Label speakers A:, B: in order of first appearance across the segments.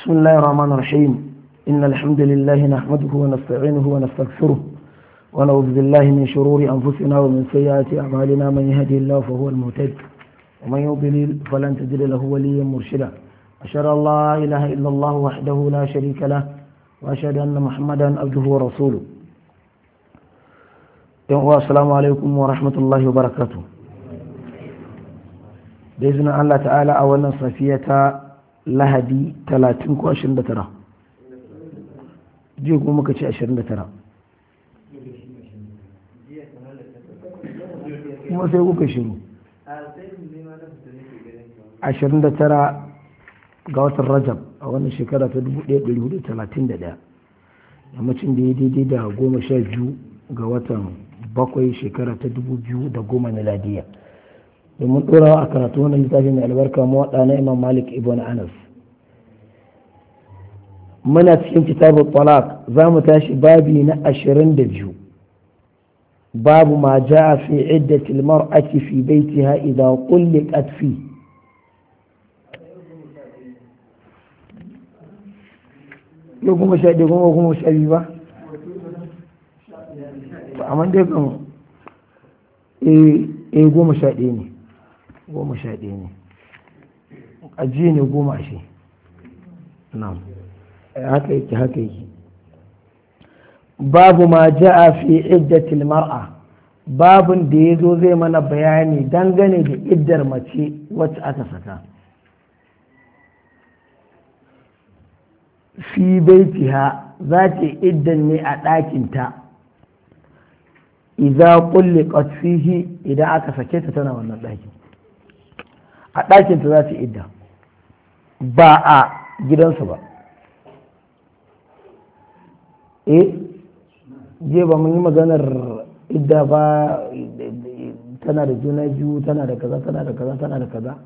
A: بسم الله الرحمن الرحيم إن الحمد لله نحمده ونستعينه ونستغفره ونعوذ بالله من شرور أنفسنا ومن سيئات أعمالنا من يهدي الله فهو المهتد ومن يضلل فلن تجد له وليا مرشدا أشهد أن لا إله إلا الله وحده لا شريك له وأشهد أن محمدا عبده ورسوله السلام عليكم ورحمة الله وبركاته بإذن الله تعالى أولا صفية lahadi talatin ko ashirin da tara jiya kuma muka ce ashirin da tara kuma sai kuka shiru ashirin da tara ga watan rajab a wannan shekara ta dubu ɗaya ɗari hudu talatin da ɗaya yammacin da ya daidai da goma sha biyu ga watan bakwai shekara ta dubu biyu da goma miladiya domin ɗorawa a karatu wannan littafi mai albarka mu na imam malik ibn anas muna cikin kitabu talaq za mu tashi babi na ashirin da biyu babu ma ja fi iddati almar'ati fi baitiha qulliqat fi yau kuma sha ɗaya kuma kuma sha biyu ba dai kan eh, eh, goma sha ɗaya ne goma sha ɗaya ne ajiye ne goma shi nan eh, haka yake haka yake babu ma ja'a fi iddatil mar'a babun da ya zo zai mana bayani dangane da iddar mace wacce aka saka fi ha za ta iddan ne a ɗakinta idza qulliqat fihi idan aka sake ta tana wannan ɗakin a ɗakinta za idda ba a gidansu ba e eh, je ba mun yi maganar idda ba tana da juna biyu tana da kaza tana da kaza tana da kaza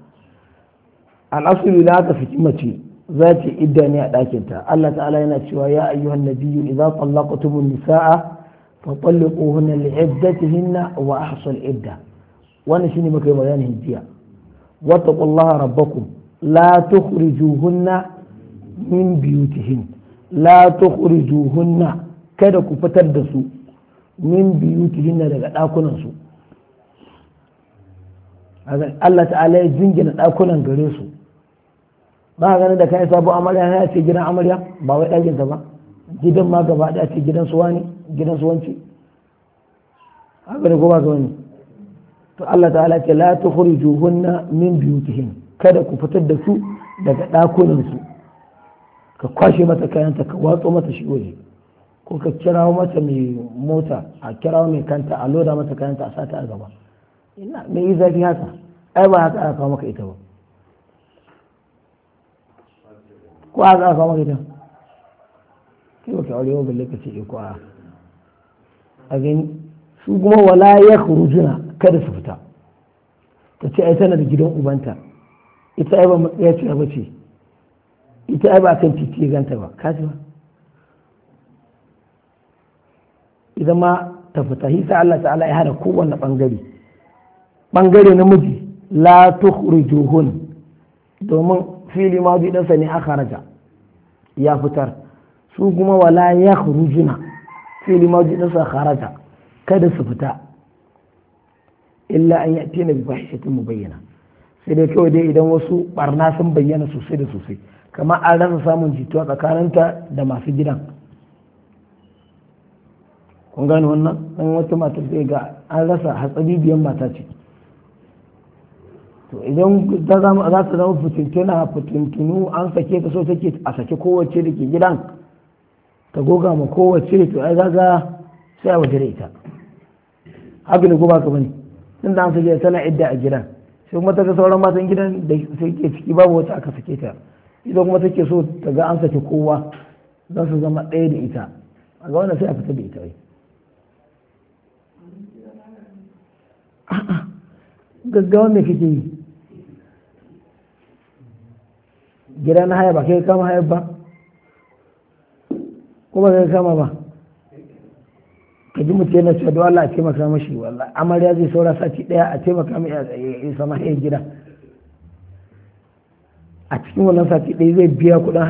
A: al'asuli la aka fiki mace za ta idda ne a ɗakinta Allah ta'ala yana cewa ya ayyuhan nabiyyu idza tallaqtumun nisaa fa talliquhunna li iddatihinna wa ahsul idda wannan shine muka yi bayanin jiya واتقوا الله ربكم لا تخرجوهن من بيوتهن لا تخرجوهن kada ku fitar da su min biyutihin daga dakunan su Allah ta'ala ya jingina dakunan gare su ba ganin da kai sabon amarya ya ce gidan amarya ba wai ɗakin ba gidan ma gaba ɗaya ce gidan su wani gidan su wanci haka ne ko ba ga wani to Allah ta'ala ce la tukhrijuhunna min biyutihin kada ku fitar da su daga ɗakunan su ka kwashe mata kayanta ka watso mata shi waje ko ka kirawo mata mai mota a kirawo mai kanta a loda mata kayanta a sata a gaba ina mai zafi haka ai ba haka aka kawo maka ita ba ko haka aka kawo maka ita ke ba ka aure ba balle ka ce eh, ko a a gani su kuma wala ya juna. kada su fita ta ce ai tana da gidan ubanta ita ai ba matsaya ce ba ce ita ai ba kan titi ganta ba kaji ba idan ma ta fita hisa Allah ta'ala ya hada kowanne bangare bangare namiji la tukhrijuhun domin fili ma bi dan sani akharaja ya fitar su kuma wala yakhrujuna fili ma bi dan sa kharaja kada su fita illa an ya'ti na bi mu mubayyana sai dai kawai dai idan wasu barna sun bayyana sosai da sosai kamar an rasa samun jituwa tsakaninta da masu gidan kun gane wannan dan wata mata zai ga an rasa hatsari biyan mata ce to idan za ta zama fitintuna fitintunu an sake ta so take a sake kowace da ke gidan ta goga ma kowace to ai zaga sai a wajen ita haka ne ko ba ka bane tun da an sake tana idda a gidan sai kuma ta ga sauran matan gidan da suke ciki babu wata aka sake ta ita kuma take so ta ga an sake kowa don su zama ɗaya da ita a ga wanda sai a fita da ita gaggawa me kake yi gida na haya ba kai kama haya ba kuma kai kama ba ka ji mutum yana cewa don a taimaka mashi wallah amarya zai saura sati daya a taimaka mai ya sama hayar gida a cikin wannan sati daya zai biya kudin